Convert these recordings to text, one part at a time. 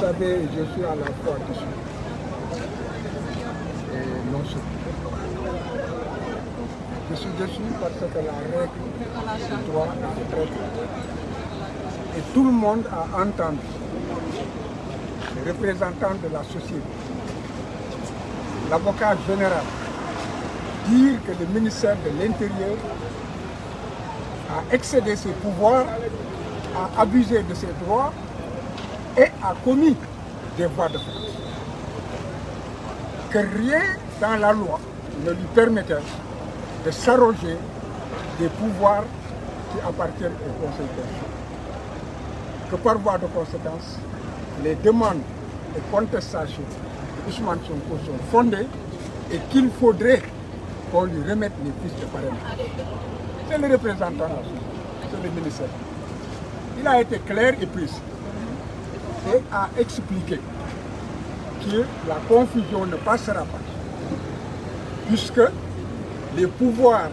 savez, je suis à la fois et non sur. Je suis parce que la règle du droit est très claire. Et tout le monde a entendu les représentants de la société, l'avocat général, dire que le ministère de l'Intérieur a excédé ses pouvoirs, a abusé de ses droits et a commis des voies de fait dans la loi ne lui permettait de s'arroger des pouvoirs qui appartiennent au Conseil constitutionnel. Que par voie de conséquence, les demandes et contestations d'Ousmane Sonko sont fondées et qu'il faudrait qu'on lui remette les pistes de C'est le représentant, c'est le Il a été clair et précis. et a expliqué que la confusion ne passera pas, puisque les pouvoirs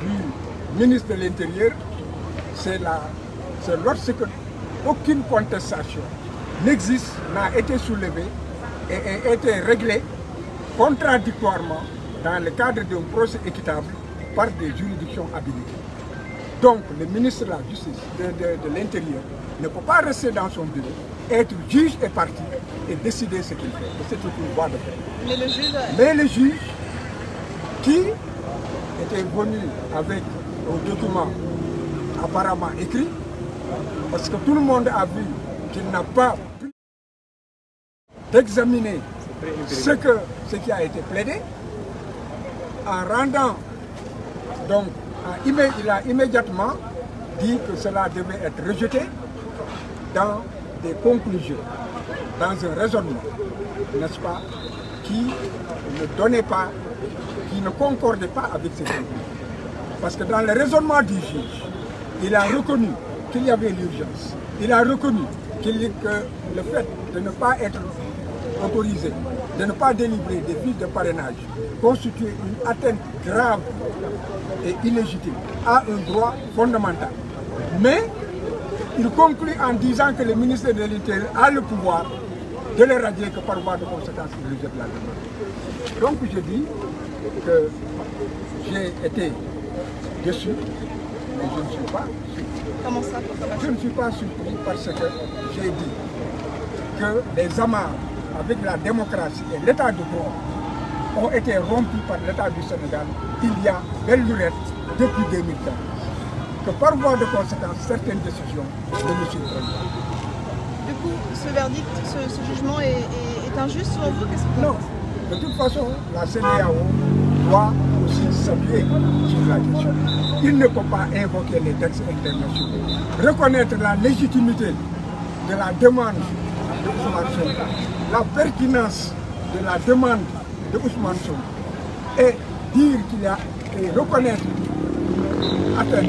du ministre de l'Intérieur, c'est lorsque aucune contestation n'existe, n'a été soulevée et a été réglée contradictoirement dans le cadre d'un procès équitable par des juridictions habilitées. Donc le ministre de la Justice, de, de l'Intérieur, ne peut pas rester dans son bureau, être juge et parti et décider ce qu'il fait. C'est tout qui était venu avec un document apparemment écrit, parce que tout le monde a vu qu'il n'a pas pu d'examiner ce, que, ce qui a été plaidé, en rendant, donc, il a immédiatement dit que cela devait être rejeté, dans des conclusions, dans un raisonnement, n'est-ce pas, qui ne donnait pas, avec ces conclusions. Parce que dans le raisonnement du juge, il a reconnu qu'il y avait l'urgence. Il a reconnu qu'il, que le fait de ne pas être autorisé, de ne pas délivrer des fiches de une atteinte grave et illégitime à un droit fondamental. Mais Il conclut en disant que le ministre de l'Intérieur a le pouvoir de les radier que par voie de conséquence, il rejette la demande. Donc je dis que j'ai été déçu, mais je ne suis pas surpris. parce que j'ai dit que les amarres avec la démocratie et l'état de droit ont été rompus par l'état du Sénégal il y a belle lurette depuis 2015. que par de conséquence, certaines décisions le Président. Du coup, verdict, ce, jugement est, injuste Non, de toute façon, la CDAO doit aussi s'appuyer sur la question. Il ne peut pas invoquer les textes internationaux. Reconnaître la légitimité de la demande de Ousmane Sonko, la pertinence de la demande de Ousmane Sonko et dire qu'il y reconnaître atteinte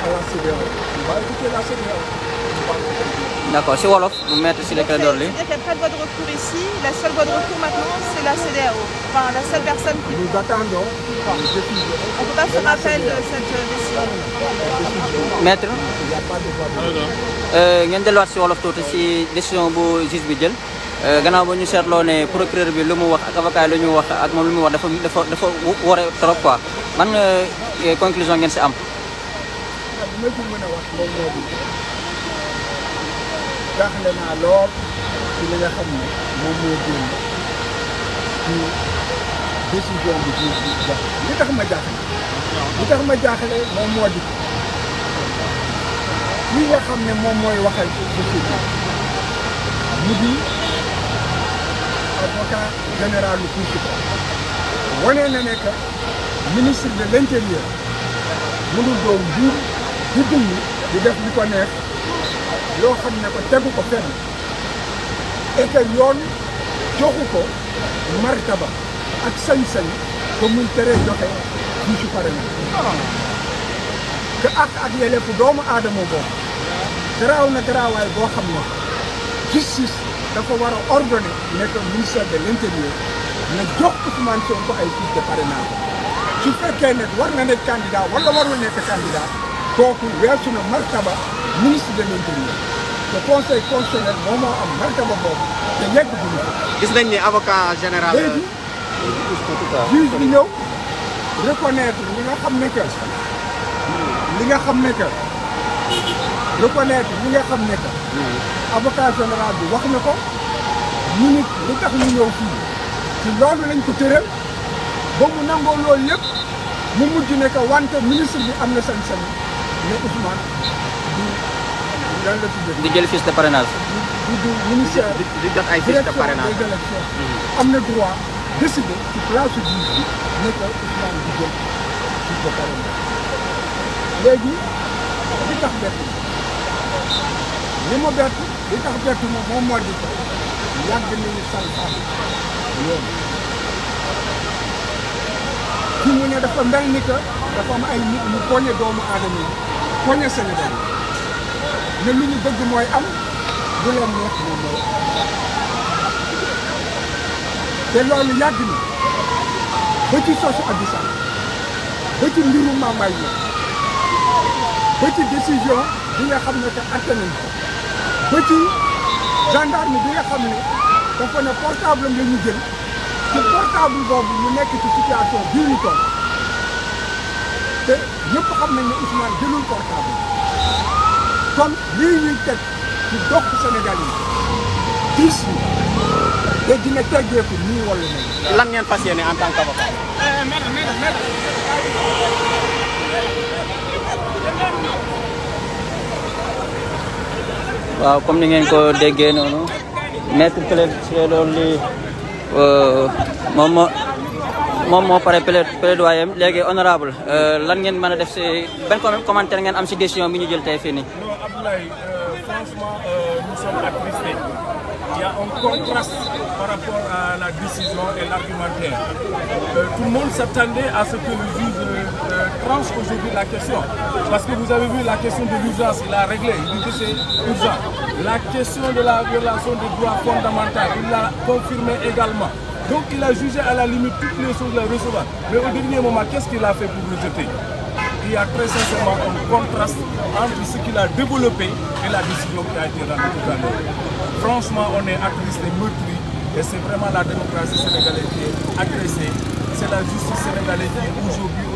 à la CEDEAO d'accord si wolof maître Ciré Clédor Ly il n'y a pas de voie de recours ici euh, si wolof tuuti si décision bu juge bi jël euh, gannaaw ba ñu seetloo ne procureur bi lu mu wax ak avocat yi lu ñu wax ak moom lu mu wax dafa dafa dafa wóore trop quoi man euh, conclusion ngeen si am daanaka li mën a wax moom moo di jaaxle naa lool ci li nga xam ne moom moo génn ci décision tax ma jaaxle li moom moo di li nga xam ne moom mooy waxal ci société mu di avocat général lu principal wane na ne ministre de l' intérieur mënul doon di dund di def li ko neex loo xam ne ko tegu ko fenn et yoon joxu ko martaba ak sañ-sañ ko muy tere joxe du ci pare na te ak ak yelefu doomu aadama boobu garaaw na garaawaay boo xam ne justice dafa war a ordonné nekk ministère de l' intérieur na jox Ousmane Sonko ay fiches de parrainage su fekkee ne war na nekk candidat wala warul nekk candidat kooku weesu na martaba ministre de l'intérieur te conseil constitutionnel moom moo am martaba boobu te yegg bu ñu gis nañ ni avocat général. Euh, léegi juge bi ñëw reconnaître li nga xam ne li nga xam ne que reconnaître li nga xam ne que avocat général bi wax na ko ñu nit li tax ñu ñëw fii ci loolu lañ ko tëral ba mu nangoo loolu yëpp mu mujj ne que wante ministre bi am na sañ-sañ ne Ousmane du lan la tuddee. di jël fiche de parrainage. du du ministère di jot ay fiche de parrainage am na droit décider ci place su jiw bi ne ko Ousmane di jël fiche de parrainage. léegi li tax bett li ma bett li tax bett moom moo di ko yàgg nañu sànqal yoon. fi mu ne dafa mel ni que dafa am ay nit ñu poñe doomu aadama yi poñe Sénégal ne lu ñu bëgg mooy am du leen nekk moom te loolu yàgg na ba sosu Abissa ba ci mbiru yi ba ci décision bi xam ne que atte nañ ko ba ci xam ne dafa ne portable am jël ci portable boobu ñu nekk ci situation bii ñu toog te ñëpp xam ne lan ngeen fas yéene en tant qu'avocat. waaw comme ni ngeen ko déggee noonu maître Clédor Ly Euh, moom moo moom moo pare plaidoyer am léegi honorable euh, lan ngeen mën a def si benn commentaire ngeen am si décision bi ñu jël tey fii nii. non Abdoulaye euh, franchement nous sommes attristés. Il y par rapport à la décision et l'argumentaire. tout le monde à ce que le tranche aujourd'hui la question. la question de l'urgence, il a réglé, il dit que c'est urgent. La question de la violation des droits fondamentaux, il l'a confirmé également. Donc il a jugé à la limite toutes les choses la recevoir. Mais au dernier moment, qu'est-ce qu'il a fait pour le jeter Il y a très sincèrement un contraste entre ce qu'il a développé et la décision qui a été rendue tout on est actrice des meurtris et c'est la justice sénégalaise qui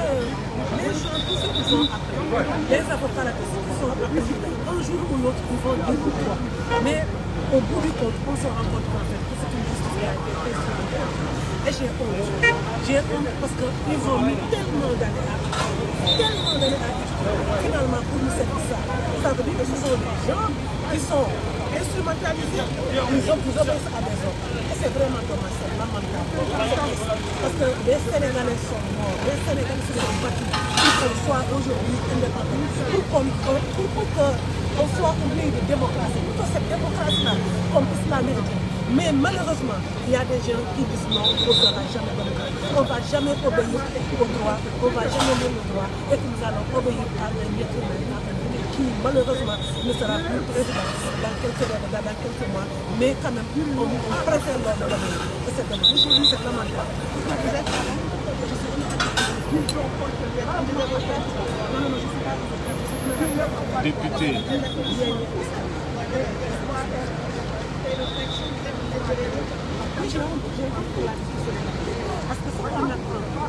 les gens, tous ceux qui sont après, les avocats, tous ceux qui sont après, un jour ou l'autre, ils vont dire pourquoi. Mais au bout du compte, on se rend compte qu'en fait, que c'est une justice qui a été faite sur le terrain. Et j'ai honte. J'ai honte parce qu'ils ont mis tellement d'années à tellement d'années à Finalement, pour nous, c'est ça. Ça veut dire que ce sont des gens ils sont instrumentalisés. Ils ont toujours des à des autres. Et c'est vraiment dommage, c'est lamentable. Parce que les Sénégalais sont morts, les Sénégalais se sont battus pour qu'on soit aujourd'hui indépendant, pour, qu'on, pour, pour qu'on soit oublié de démocratie, pour que cette démocratie-là, qu'on puisse la mériter. Mais malheureusement, il y a des gens qui disent non, on ne sera jamais On ne va jamais obéir au droit, on ne va jamais donner le droit et que nous allons obéir à l'être humain, qui malheureusement ne sera plus président dans quelques dans, dans quelques mois, mais quand même on, on préfère l'ordre de c'est dommage, c'est lamentable. Député. Oui, j'ai compris la discussion. Parce que ce qu'on apprend,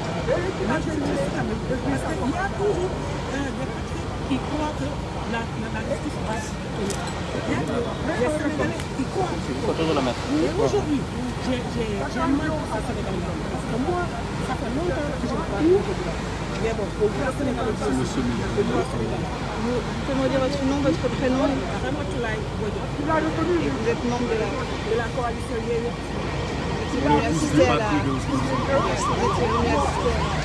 il y a toujours des personnes qui croient que la, la, justice passe. Il y a des Sénégalais qui croient. Mais aujourd'hui, j'ai mal à Sénégalais. Parce que moi, ça fait longtemps que je parle. Mais bon, au droit sénégalais. Au droit sénégalais. Comment dire votre nom, votre prénom Ramatoulaye Boyo. Et vous êtes membre de la, de la coalition Yéyé. On a tous vu partout de Ousmane Sonko.